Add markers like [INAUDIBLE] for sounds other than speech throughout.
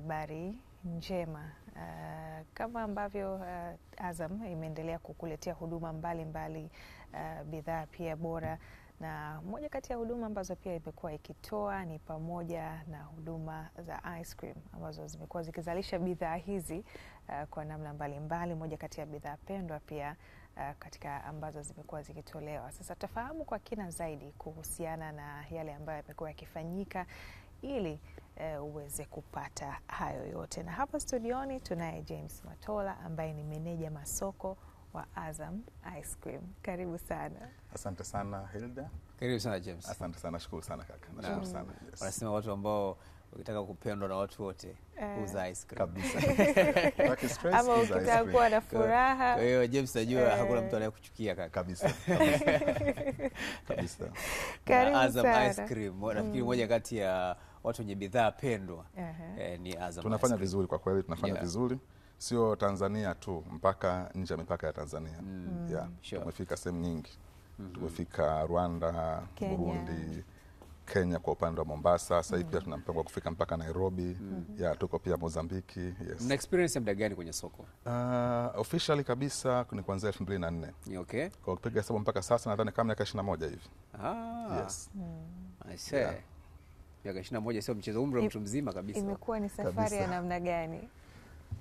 habari njema. Uh, kama ambavyo uh, Azam imeendelea kukuletea huduma mbalimbali uh, bidhaa pia bora, na moja kati ya huduma ambazo pia imekuwa ikitoa ni pamoja na huduma za ice cream ambazo zimekuwa zikizalisha bidhaa hizi uh, kwa namna mbalimbali Moja kati ya bidhaa pendwa pia uh, katika ambazo zimekuwa zikitolewa. Sasa tutafahamu kwa kina zaidi kuhusiana na yale ambayo yamekuwa yakifanyika ili uh, uweze kupata hayo yote. Na hapa studioni tunaye James Matola ambaye ni meneja masoko wa Azam Ice Cream. Karibu sana. Asante sana Hilda. Karibu sana James. Asante sana, shukuru sana kaka, nashukuru na, sana. Yes. Wanasema watu ambao ukitaka kupendwa na watu wote uh, uza ice cream kabisa, [LAUGHS] ama ukitaka kuwa na furaha. Kwa hiyo James, najua uh, hakuna mtu anayekuchukia kaka, [LAUGHS] kabisa kabisa. Karibu sana Azam Ice Cream, mm. nafikiri moja kati ya watu wenye bidhaa pendwa uh -huh. eh, ni Azam tunafanya vizuri kwa kweli, tunafanya yeah. vizuri sio Tanzania tu, mpaka nje ya mipaka ya Tanzania mm. yeah. sure. tumefika sehemu nyingi mm -hmm. tumefika Rwanda, Kenya. Burundi Kenya kwa upande wa Mombasa sasa hivi mm. pia tuna mpango wa kufika mpaka Nairobi mm. Mm-hmm. ya tuko pia Mozambiki yes. Mna experience ya muda gani kwenye soko? Uh, officially kabisa ni kuanzia elfu 2004. Okay. Kwa kupiga hesabu mpaka sasa nadhani kama miaka 21 hivi. Ah. Yes. Mm. I see. Yeah miaka ishirini na moja sio mchezo, umri wa mtu mzima kabisa. Imekuwa ni safari ya namna gani?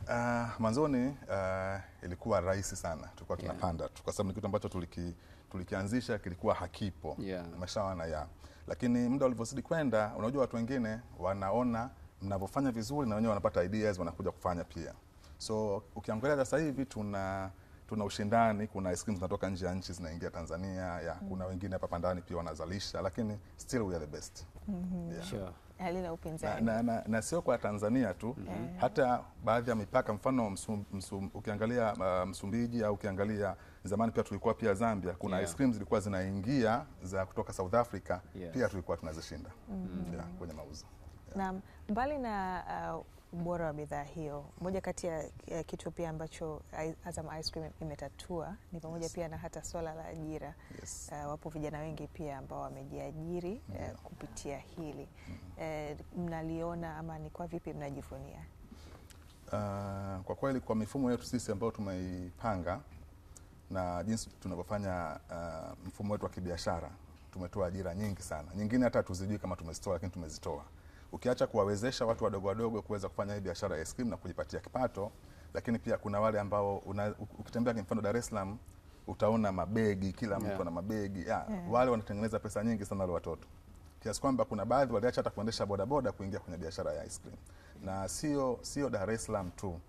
Uh, mwanzoni uh, ilikuwa rahisi sana, tulikuwa tunapanda yeah. kwa sababu ni kitu ambacho tuliki, tulikianzisha kilikuwa hakipo yeah. mashawana ya lakini muda ulivyozidi kwenda, unajua watu wengine wanaona mnavyofanya vizuri na wenyewe wanapata ideas, wanakuja kufanya pia. So ukiangalia sasa hivi tuna tuna ushindani, kuna ice cream zinatoka nje ya nchi zinaingia Tanzania ya, mm. kuna wengine hapa pandani pia wanazalisha, lakini still we are the best mm -hmm. yeah. sure. Halina upinzani na, na, na, na sio kwa Tanzania tu mm -hmm. hata baadhi ya mipaka mfano msum, msum, ukiangalia uh, Msumbiji au ukiangalia zamani pia tulikuwa pia Zambia kuna yeah. ice cream zilikuwa zinaingia za kutoka South Africa yes. pia tulikuwa tunazishinda mm -hmm. yeah, kwenye mauzo. Na mbali na uh, ubora wa bidhaa hiyo, moja kati ya uh, kitu pia ambacho Azam Ice Cream imetatua ni pamoja yes. pia na hata swala la ajira yes. uh, wapo vijana wengi pia ambao wamejiajiri uh, mm-hmm. kupitia hili mm. uh, mnaliona ama ni kwa vipi mnajivunia? Uh, kwa kweli kwa mifumo yetu sisi ambayo tumeipanga na jinsi tunavyofanya uh, mfumo wetu wa kibiashara tumetoa ajira nyingi sana, nyingine hata hatuzijui kama tumezitoa, lakini tumezitoa ukiacha kuwawezesha watu wadogo wadogo kuweza kufanya hii biashara ya ice cream na kujipatia kipato, lakini pia kuna wale ambao una, ukitembea kwa mfano Dar es Salaam utaona mabegi, kila mtu yeah. ana mabegi yeah. Yeah. Wale wanatengeneza pesa nyingi sana wale watoto kiasi kwamba kuna baadhi waliacha hata kuendesha bodaboda kuingia kwenye biashara ya ice cream, na sio sio Dar es Salaam tu,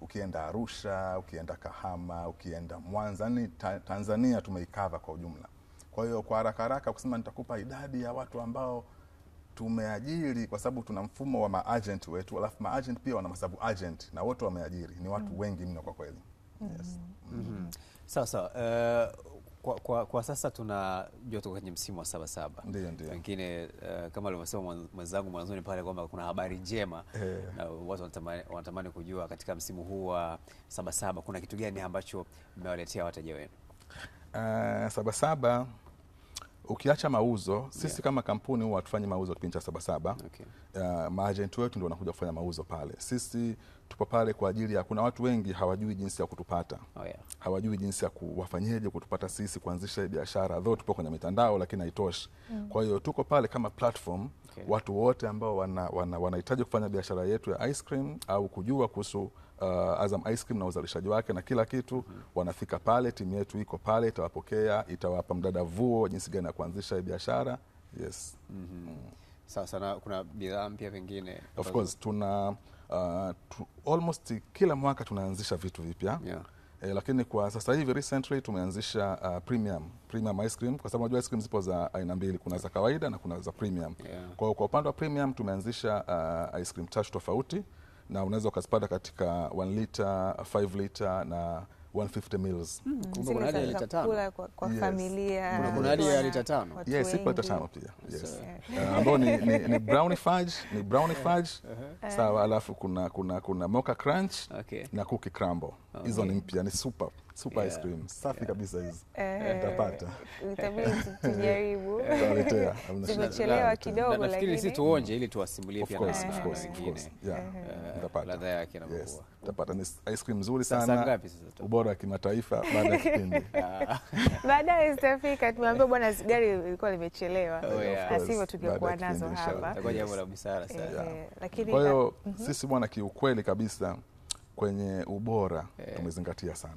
ukienda Arusha, ukienda Kahama, ukienda Mwanza, ni ta, Tanzania tumeikava kwa ujumla. Kwa hiyo kwa haraka haraka kusema nitakupa idadi ya watu ambao tumeajiri kwa sababu tuna mfumo wa maagent wetu, alafu maagent pia wana masabu agent na wote wameajiri, ni watu mm. wengi mno kwa kweli. Mm-hmm. Yes. mm -hmm. mm Sawa sawa. Uh, kwa, kwa, kwa sasa tuna joto kwenye msimu wa Sabasaba, ndio ndio pengine uh, kama alivyosema mwenzangu mwanzoni pale kwamba kuna habari njema yeah. na watu wanatamani, wanatamani kujua katika msimu huu wa Sabasaba kuna kitu gani ambacho mmewaletea wateja wenu? Uh, saba Ukiacha mauzo sisi yeah. kama kampuni huwa hatufanyi mauzo kipindi cha Sabasaba. okay. Uh, maajenti wetu ndio wanakuja kufanya mauzo pale. Sisi tupo pale kwa ajili ya, kuna watu wengi hawajui jinsi ya kutupata. oh, yeah. hawajui jinsi ya kuwafanyeje kutupata sisi kuanzisha biashara, dho tupo kwenye mitandao lakini haitoshi. mm. kwa hiyo tuko pale kama platform okay. Watu wote ambao wanahitaji wana, wana kufanya biashara yetu ya ice cream au kujua kuhusu uh, Azam Ice Cream na uzalishaji wake na kila kitu mm -hmm. Wanafika pale, timu yetu iko pale, itawapokea, itawapa mdadavuo jinsi gani ya kuanzisha biashara yes. Mm-hmm. mm -hmm. mm. Sasa na Kuna bidhaa mpya vingine, of course tuna uh, tu, almost kila mwaka tunaanzisha vitu vipya yeah. E, lakini kwa sasa hivi recently tumeanzisha uh, premium premium ice cream kwa sababu unajua ice cream zipo za aina mbili, kuna za kawaida na kuna za premium. Yeah. Kwa kwa upande wa premium tumeanzisha uh, ice cream tatu tofauti na unaweza ukazipata katika 1 liter, 5 liter na 150 meals hmm, kwa familia. Kuna hadi ya lita tano. Yes, siku lita tano pia. Yes. Eh, ambao ni ni brownie fudge, ni brownie eh. fudge. Eh. Sawa, alafu kuna kuna kuna mocha crunch na cookie crumble. Hizo ni mpya, ni super super yeah. ice cream safi yeah. kabisa hizi eh, nitapata itabidi [LAUGHS] tujaribu tumechelewa kidogo lakini si tuonje ili tuwasimulie pia na wengine eh, eh. ladha yake na yes. inavyokuwa tapata ni ice cream nzuri sana ubora wa kimataifa baada ya kipindi [LAUGHS] ah. baadaye zitafika tumeambia bwana gari ilikuwa limechelewa oh, asivyo tungekuwa nazo hapa kwa hiyo mhm. sisi bwana kiukweli kabisa kwenye ubora yeah. tumezingatia sana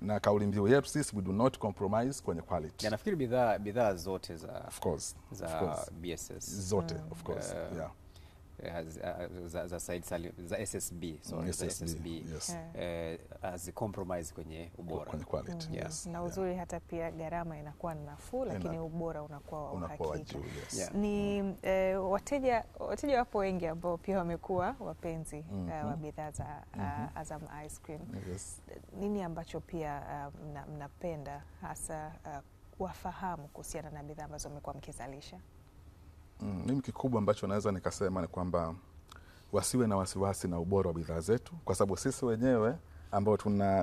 na kauli mbiu yetu sisi we do not compromise kwenye quality. Nafikiri bidhaa bidhaa zote za of course, za of course. BSS zote mm. of course. Uh, yeah. Uh, za, za, Said za SSB, sorry, SSB, SSB yes. uh, as compromise kwenye ubora kwenye quality, mm. yes. Mm, na uzuri yeah. hata pia gharama inakuwa nafuu lakini Ina, ubora unakuwa wa uhakika yes. yeah. ni mm. eh, wateja, wateja wapo wengi ambao pia wamekuwa wapenzi mm -hmm. uh, wa mm. bidhaa za uh, mm -hmm. Azam Ice Cream yes. nini ambacho pia uh, mnapenda hasa uh, ah, wafahamu kuhusiana na bidhaa ambazo mmekuwa mkizalisha? Mm, mimi kikubwa ambacho naweza nikasema ni kwamba wasiwe na wasiwasi na ubora wa bidhaa zetu, kwa sababu sisi wenyewe ambao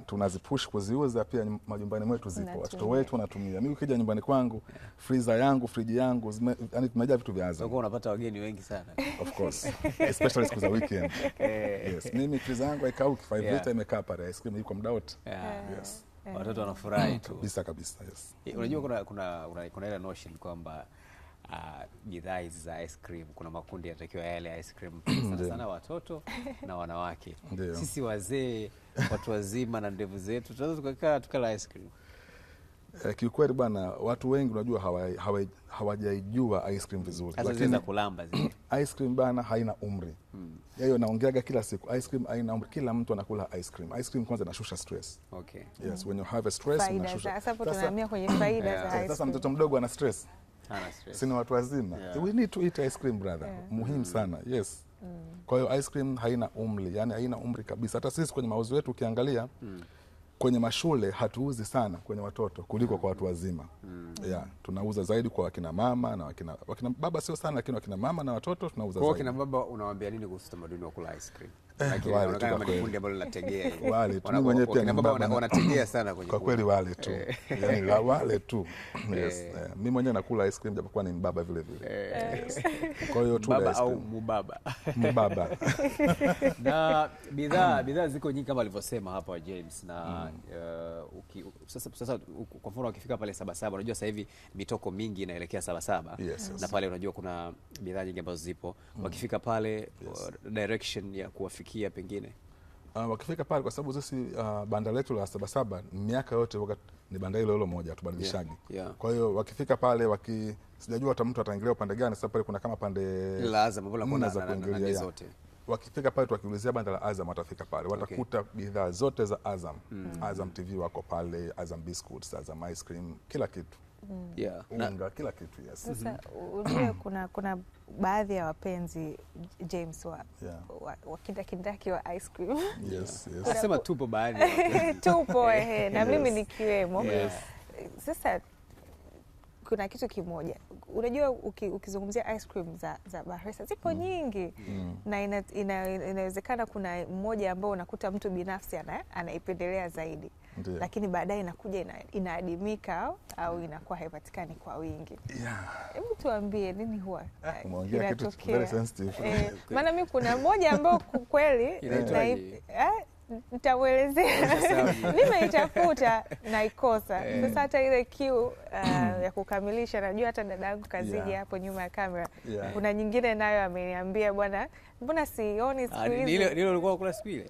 tunazipush tuna kuziuza pia majumbani mwetu zipo, watoto wetu wanatumia. Mimi ukija nyumbani kwangu freezer yangu friji yangu yani tumejaa vitu vya Azam. Unapata wageni wengi sana of course especially siku za weekend [LAUGHS] eh. yes. Mimi freezer yangu haikauki 5 yeah. liter imekaa pale, ice cream iko wote yeah. yes. Eh. watoto wanafurahi tu kabisa kabisa. Yes. Eh, unajua kuna kuna kuna ile notion kwamba Uh, bidhaa uh, hizi za ice cream, kuna makundi yanatakiwa yale ice cream [COUGHS] sana sana watoto na wanawake. Sisi wazee, watu wazima na ndevu zetu tunaweza tukakaa tukala ice cream. eh? kiukweli bwana, watu wengi unajua hawajaijua hawa, hawa ice cream vizuri, lakini kulamba zile [CLEARS THROAT] ice cream bana haina umri hmm. Yayo naongeaga kila siku, ice cream haina umri, kila mtu anakula ice cream. Ice cream kwanza inashusha stress. Okay. Yes, when you have a stress inashusha. Sasa tunahamia kwenye faida [CLEARS THROAT] za ice cream. Sasa mtoto mdogo ana stress sana stress. Sina watu wazima. Yeah. We need to eat ice cream brother. Yeah. Muhimu mm. sana. Yes. Mm. Kwa hiyo ice cream haina umri, yani haina umri kabisa. Hata sisi kwenye mauzo yetu ukiangalia mm. kwenye mashule hatuuzi sana kwenye watoto kuliko kwa watu wazima. Mm. Yeah, tunauza zaidi kwa wakina mama na wakina, wakina baba sio sana, lakini wakina mama na watoto tunauza kwa zaidi. Kwa wakina baba unawaambia nini kuhusu tamaduni wa kula ice cream? Eh, kwa [LAUGHS] [LAUGHS] kweli wale tu eh. yani la wale tu [LAUGHS] yes. Eh. Mimi mwenyewe nakula ice cream japokuwa ni mbaba vile vile. Kwa hiyo tu au mbaba. Na bidhaa hmm. bidhaa ziko nyingi kama alivyosema hapa James, na hmm. sasa kwa mfano wakifika pale Sabasaba, unajua sasa hivi mitoko mingi inaelekea Sabasaba na pale unajua kuna bidhaa nyingi ambazo zipo, hmm. wakifika pale direction ya kuwafikia kufikia pengine? Uh, wakifika pale kwa sababu sisi uh, banda letu la Sabasaba miaka yote wakati ni banda hilo hilo moja tubadilishaji yeah, yeah. Kwa hiyo wakifika pale waki sijajua hata mtu ataingilia upande gani. Sasa pale kuna kama pande kuna za kuingilia zote wakifika pale tuwakiulizia banda la Azam watafika pale watakuta okay. bidhaa zote za Azam mm. Azam TV wako pale, Azam biscuits, Azam ice cream, kila kitu. Mm. yeah. unga kila kitu yes. Sasa mm-hmm. ujue kuna, kuna baadhi ya wapenzi James wa, yeah. wa, wa kindakindaki wa ice cream yes, yes. [LAUGHS] Asema tupo baadhi [LAUGHS] tupo ehe, na mimi nikiwemo yes. Sasa kuna kitu kimoja unajua, ukizungumzia ice cream za, za Bahresa zipo mm. nyingi mm. na inawezekana ina, ina, kuna mmoja ambao unakuta mtu binafsi anaipendelea zaidi Ndiyo. Lakini baadaye inakuja ina, inaadimika au inakuwa haipatikani kwa wingi. Hebu yeah. tuambie nini huwa ah, eh, kinatokea? Eh, [LAUGHS] maana mi kuna moja ambayo kweli nitauelezea nimeitafuta naitafuta naikosa yeah. Sasa hata ile q uh, ya kukamilisha, najua hata dada yangu kaziji yeah. hapo nyuma ya kamera yeah. kuna nyingine nayo ameniambia bwana, mbona sioni siku ah, hizi nilo ulikuwa kula siku ile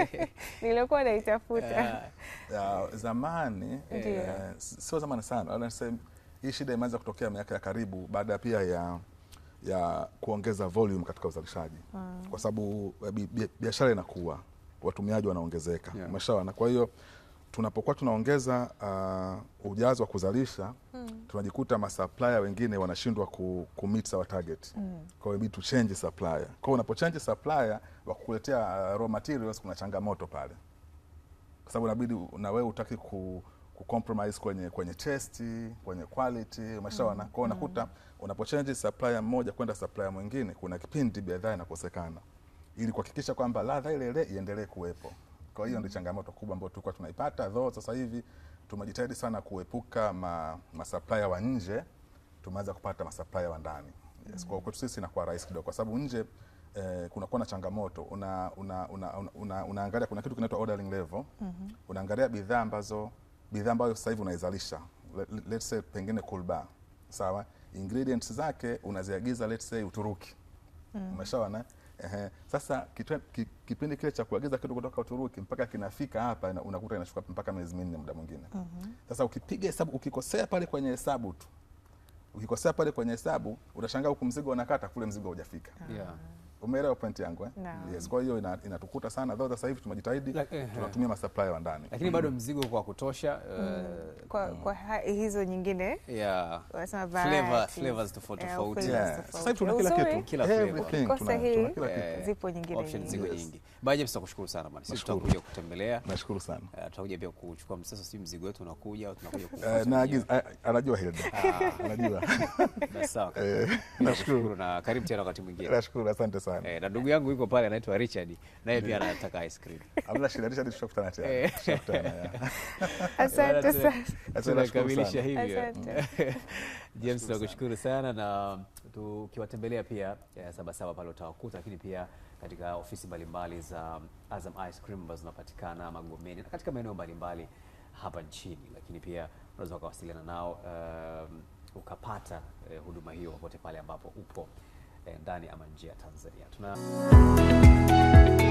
[LAUGHS] niliokuwa naitafuta zamani, eh, sio zamani sana, hii shida imeanza kutokea miaka ya karibu baada pia ya ya kuongeza volume katika uzalishaji mm. kwa sababu eh, biashara inakuwa watumiaji wanaongezeka yeah. Umeshaona. Kwa hiyo tunapokuwa tunaongeza uh, ujazo wa kuzalisha hmm. tunajikuta masupplier wengine wanashindwa ku, ku meet our target hmm. kwa hiyo bidi tu change supplier. Kwa hiyo unapochange supplier wa kukuletea uh, raw materials kuna changamoto pale, kwa sababu inabidi na wewe utaki ku ku compromise kwenye kwenye test kwenye quality umeshaona. hmm. Kwa hiyo unakuta hmm. unapochange supplier mmoja kwenda supplier mwingine, kuna kipindi bidhaa inakosekana ili kuhakikisha kwamba ladha ile ile iendelee kuwepo. Kwa hiyo ndio changamoto kubwa ambayo tulikuwa tunaipata, though sasa hivi tumejitahidi sana kuepuka ma, masupplier wa nje, tumeanza kupata masupplier wa ndani. Yes, mm. kwa kwetu sisi inakuwa rahisi kidogo kwa sababu nje eh, kunakuwa na changamoto una, una, una, una, una, unaangalia kuna kitu kinaitwa ordering level mm -hmm. Unaangalia bidhaa ambazo bidhaa ambayo sasa hivi unaizalisha Let, let's say pengine kulba sawa, ingredients zake unaziagiza let's say Uturuki mm. -hmm. Umeshaona Ehe. Sasa kipindi kile cha kuagiza kitu kutoka Uturuki mpaka kinafika hapa unakuta inashuka mpaka miezi minne muda mwingine. mm -hmm. Sasa ukipiga hesabu, ukikosea pale kwenye hesabu tu, ukikosea pale kwenye hesabu utashangaa huku mzigo unakata kule mzigo hujafika. yeah. Umeelewa point yangu eh? No. Yes, kwa hiyo inatukuta ina sana though sasa hivi tunajitahidi like, uh, tunatumia eh. masupply wa ndani lakini mm. bado mzigo kwa kutosha uh, mm. kwa, mm. kwa ha, hizo nyingine yeah. flavor, flavors tofauti tofauti sasa hivi tuna kila kitu kila flavor tuna kila kitu eh, zipo nyingine options ziko nyingi baje pesa kushukuru sana bwana sisi tutakuja kutembelea nashukuru sana tutakuja pia kuchukua msasa sisi mzigo wetu unakuja au tunakuja kuuza anajua Hilda ah. anajua sawa nashukuru na karibu tena wakati mwingine nashukuru asante sana sana eh, na ndugu yangu yuko pale anaitwa Richard naye pia eh. anataka ice cream. [LAUGHS] Hamna shida Richard, tutakutana tena. Eh. [LAUGHS] Asante sana. Tunakamilisha hivyo. Mm. [LAUGHS] James, tunakushukuru sana na tukiwatembelea pia eh, Sabasaba pale utawakuta, lakini pia katika ofisi mbalimbali za Azam Ice Cream ambazo zinapatikana Magomeni na katika maeneo mbalimbali hapa nchini, lakini pia unaweza ukawasiliana nao um, ukapata uh, huduma hiyo popote pale ambapo upo. Eh, ndani ama nje ya Tanzania tuna